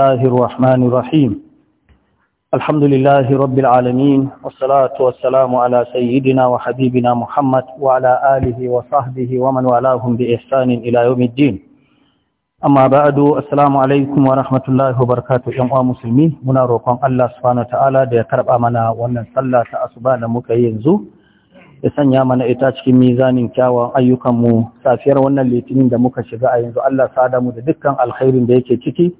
الله الرحمن الرحيم الحمد لله رب العالمين والصلاة والسلام على سيدنا وحبيبنا محمد وعلى آله وصحبه ومن والاهم بإحسان إلى يوم الدين أما بعد السلام عليكم ورحمة الله وبركاته يا مسلمين منا روكم الله سبحانه وتعالى da ya karba mana wannan sallah ta asuba da muka yi yanzu ya sanya mana ita cikin mizanin kyawun ayyukanmu safiyar wannan litinin da muka shiga a yanzu Allah sada mu da dukkan alkhairin da yake ciki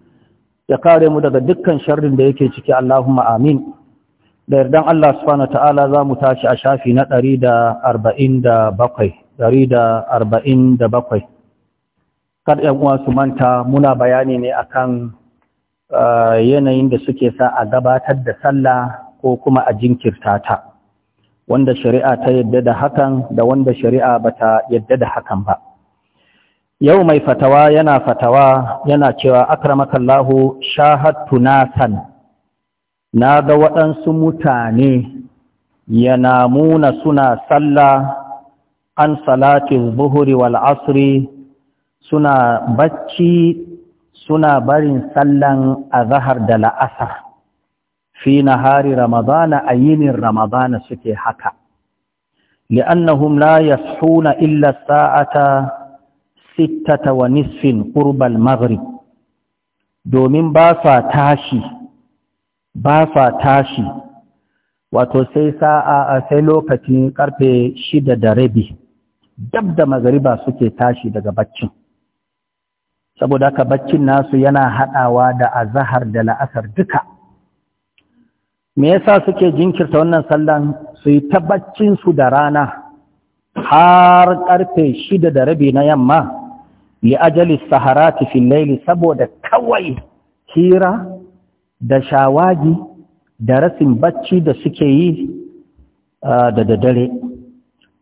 ya kare mu daga dukkan sharrin da yake ciki Allahumma amin da yardan Allah subhanahu ta'ala za mu tashi a shafi na 147 147 kar ƴan uwa su manta muna bayani ne akan yanayin da suke sa a gabatar da sallah ko kuma a jinkirta ta wanda shari'a ta yadda da hakan da wanda shari'a bata yadda da hakan ba yau mai fatawa yana fatawa yana cewa akramakallahu shahattu nasan na ga waɗansu mutane muna suna sallah an salatin zuhuri wal asri suna bacci suna barin sallan azhar da la'asar fi nahari ramadana a yinin ramadana suke haka li'annahum la yashuna illa sa'ata sittata wa nisfin ƙurbal maghrib domin ba sa tashi ba sa tashi wato sai sa'a a sai lokacin karfe shida da rabi dab da magariba suke tashi daga baccin saboda haka baccin nasu yana haɗawa da azahar da la'asar duka me yasa suke jinkirta wannan sallan su yi ta baccinsu da rana har karfe shida da rabi na yamma li ajali saharati fil layli saboda kawai hira da shawagi da rasin bacci da suke yi da daddare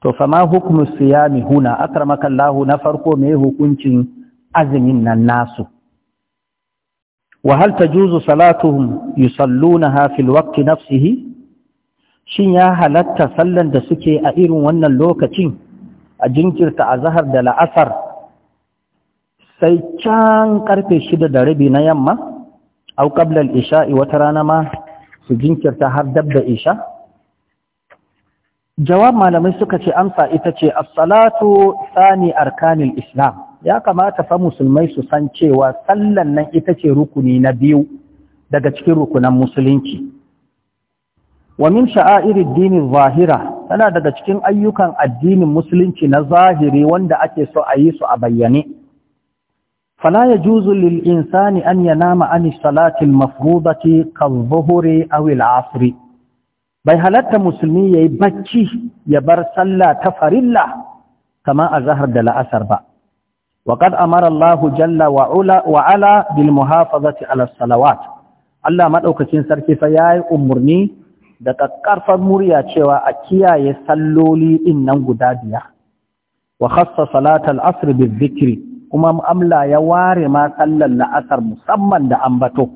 to fama hukumu siyami huna akramakallahu na farko me hukuncin azumin nan nasu وهل tajuzu صلاتهم يصلونها في الوقت nafsihi shin ya halatta sallan da suke a irin wannan lokacin a jinkirta a zahar da la'asar sai can karfe shida da rabi na yamma au isha'i wata rana ma su jinkirta har dab da isha jawab malamai suka ce amsa ita ce as sani arkanil islam ya kamata fa musulmai su san cewa sallan nan ita ce rukuni na biyu daga cikin rukunan musulunci wa min dinin zahira tana daga cikin ayyukan addinin musulunci na zahiri wanda ake so a yi su a bayyane فلا يجوز للإنسان أن ينام عن الصلاة المفروضة كالظهر أو العصر bai halarta musulmi ya yi bacci ya bar sallah ta farilla kama a zahar da la'asar ba waƙad amarallahu jalla wa'ala bil muhafazati ala salawat Allah maɗaukacin sarki fa ya yi umarni da ƙarfar murya cewa a kiyaye salloli ɗin nan guda biyar wa khassa salatal asr bil kuma Amla ya ware ma sallar la'asar musamman da ambato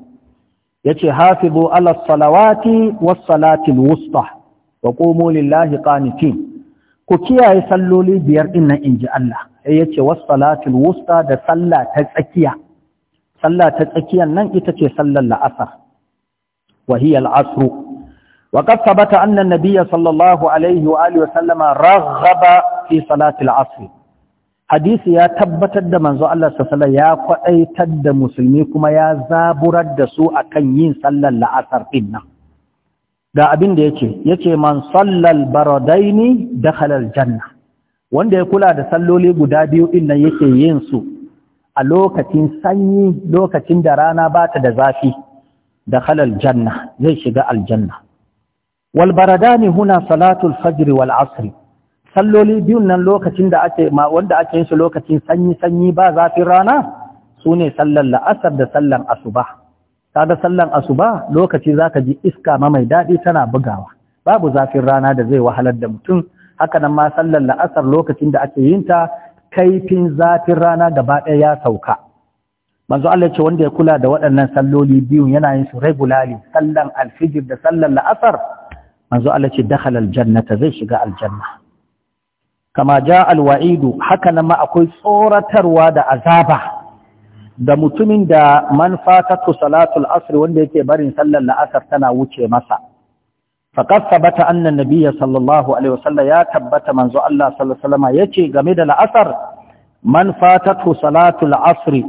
yace hafizu ala salawati was salatil wusta wa qumu lillahi qanitin ku kiyaye salloli biyar din nan inji Allah sai yace was salatil wusta da sallah ta tsakiya sallah ta tsakiyan nan ita ce sallar la'asar wa hiya al-asr wa qad thabata anna an sallallahu alaihi wa alihi wa sallama raghaba fi salatil asr hadisi ya tabbatar da manzo Allah sallallahu ya kwadaitar da musulmi kuma ya zaburar da su akan yin sallar la'asar din nan ga abin da yake yace man sallar baradaini dakhala janna. wanda ya kula da salloli guda biyu inna nan yake yin su a lokacin sanyi lokacin da rana ba ta da zafi da dakhala janna, zai shiga aljanna wal baradani huna salatul fajr wal asri salloli biyun nan lokacin da ake ma wanda ake yin su lokacin sanyi sanyi ba zafin rana Sune sallar sallan la'asar da sallan asuba kaga sallan asuba lokaci zaka ji iska ma mai daɗi tana bugawa babu zafin rana da zai wahalar da mutum haka nan ma sallan la'asar lokacin da ake yin ta kaifin zafin rana gaba ɗaya ya sauka manzo Allah ce wanda ya kula da waɗannan salloli biyun yana yin su regularly sallan alfijir da sallan la'asar manzo Allah ce dakhala aljannata zai shiga aljanna kama ja alwa'idu haka nan ma akwai tsoratarwa da azaba da mutumin da man fatatu salatul asr wanda yake barin sallar la'asar tana wuce masa Fa sabata anna nabiyya sallallahu alaihi wasallam ya tabbata manzo Allah sallallahu alaihi wasallam yace game da la'asar man fatatu salatul asr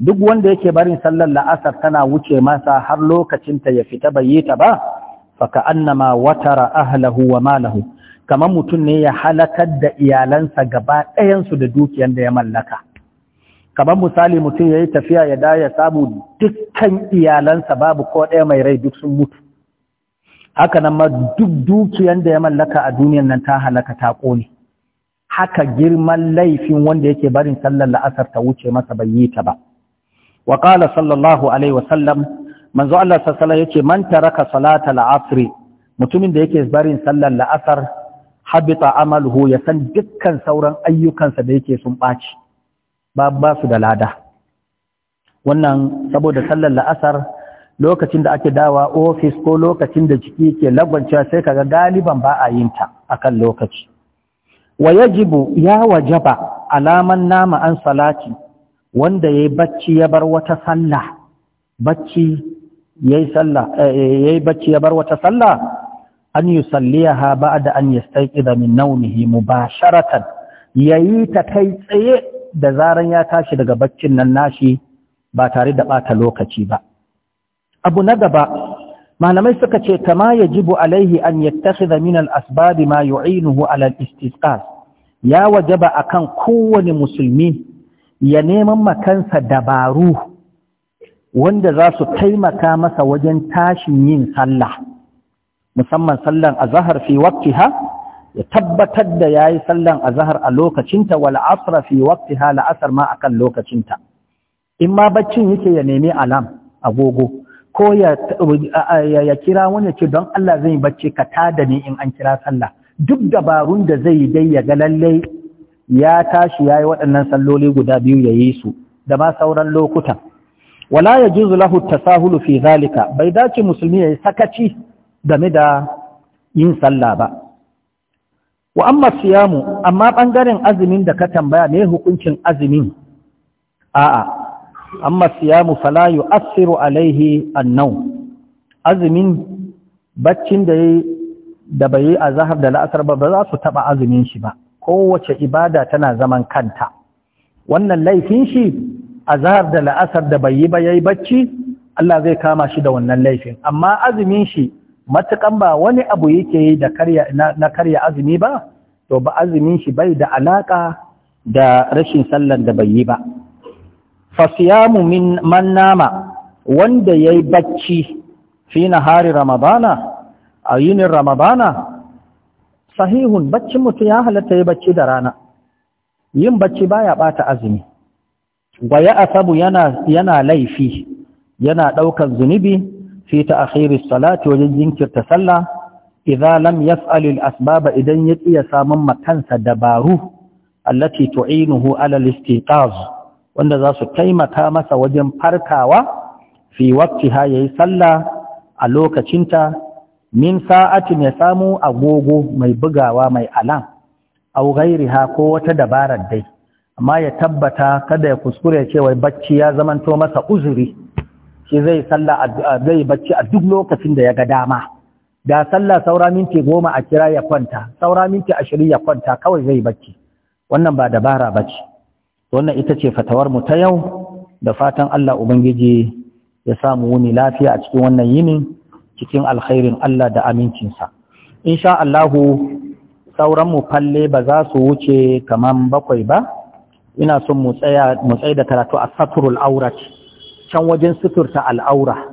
duk wanda yake barin sallar la'asar tana wuce masa har lokacin ta ya fita bai ta ba faka annama watara ahlahu wa malahu kamar mutum ne ya halakar da iyalansa gaba ɗayansu da dukiyar da ya mallaka kamar misali mutum ya yi tafiya ya daya ya samu dukkan iyalansa babu ko ɗaya mai rai duk sun mutu haka nan ma duk dukiyar da ya mallaka a duniyar nan ta halaka ta ƙone haka girman laifin wanda yake barin sallar la'asar ta wuce masa bai yi ta ba wa qala sallallahu alaihi wa sallam manzo Allah sallallahu yace man taraka salata al-asr mutumin da yake barin sallar la'asar habita amaluhu ya san dukkan sauran ayyukansa da yake sun ɓaci ba ba su da lada wannan saboda sallar la'asar lokacin da ake dawa ofis ko lokacin da jiki ke lagwancewa sai kaga galiban ba a yin ta akan lokaci wa yajibu ya wajaba alaman nama an salati wanda yayi bacci ya bar wata sallah bacci yayi sallah eh, bacci ya bar wata sallah an yusalliha ba'da an yastayqiza min nawmihi mubasharatan yayi ta kai tsaye da zaran ya tashi daga baccin nan nashi ba tare da bata lokaci ba abu na gaba malamai suka ce kama yajibu alaihi an yattakhidha min al-asbab ma yu'inuhu ala al-istisqas ya wajaba akan kowane musulmi ya neman makansa dabaru wanda za su taimaka masa wajen tashin yin sallah musamman sallan azahar fi waqtiha ya tabbatar da yayi sallan azahar a lokacinta wal asr fi waqtiha la asr ma akan lokacinta in ma baccin yake ya nemi alam agogo ko ya kira wani ce don Allah zai bacci ka tada ni in an kira sallah duk dabarun da zai dai ya ga lalle ya tashi yayi waɗannan salloli guda biyu ya yi su da ma sauran lokutan wala yajuzu lahu tasahulu fi zalika bai dace musulmi ya yi sakaci game da yin sallah ba wa amma siyamu amma bangaren azumin da ka tambaya ne hukuncin azumin a'a amma siyamu fala yu'assiru alaihi annau azumin baccin da da bai a zahar da la'asar ba ba za su taɓa azumin shi ba kowace ibada tana zaman kanta wannan laifin shi a zahar da la'asar da bai yi ba yayi bacci Allah zai kama shi da wannan laifin amma azumin shi matukan ba wani abu yake yi karya na karya azumi ba to ba azumin shi bai da alaƙa da rashin sallan da bai yi ba fasiyamu min man nama wanda yayi bacci fi Hari ramadana a yinin ramadana sahihun baccin mutum ya halatta ya bacci da rana yin bacci baya bata azumi Gwaya ya asabu yana laifi yana ɗaukar zunubi fi ta'khir as-salati wajen jinkirta sallah idza lam yaf'al al-asbab idan ya iya samun makansa dabaru allati tu'inuhu ala al-istiqaz wanda za su taimaka masa wajen farkawa fi waqtiha yayi sallah a lokacinta min sa'atin ya samu agogo mai bugawa mai alam au ghairiha ko wata dabarar dai amma ya tabbata kada ya kuskure cewa bacci ya zamanto masa uzuri shi zai sallah zai bacci a duk lokacin da ya ga dama da sallah saura minti goma a kira ya kwanta saura minti ashirin ya kwanta kawai zai bacci wannan ba dabara ba ce wannan ita ce fatawar mu ta yau da fatan Allah Ubangiji ya samu wuni lafiya a cikin wannan yinin cikin alkhairin Allah da amincinsa insha Allahu sauran mu falle ba za su wuce kaman bakwai ba ina son mu tsaya mu tsaya da karatu a saturul aurat can wajen suturta al'aura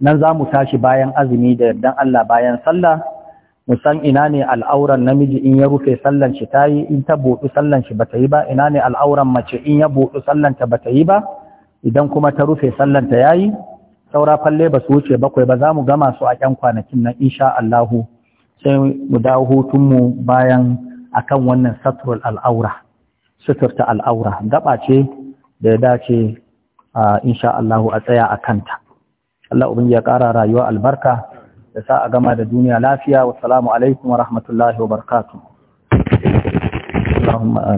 nan za mu tashi bayan azumi da yardan Allah bayan sallah mu san ina ne al'auran namiji in ya rufe sallan shi ta yi in ta buɗu sallan shi ta yi ba ina ne al'auran mace in ya buɗu sallan ta bata yi ba idan kuma ta rufe sallan ta yayi saura falle ba su wuce bakwai ba za mu gama su a ƴan kwanakin nan insha Allah sai mu dawo hutun mu bayan akan wannan satrul al'aura suturta al'aura gaba ce da ya dace insha Allah a tsaya a kanta Allah ubangiji ya ƙara rayuwa albarka da sa a gama da duniya lafiya wa salamu alaikum wa rahmatullahi wa barakatuh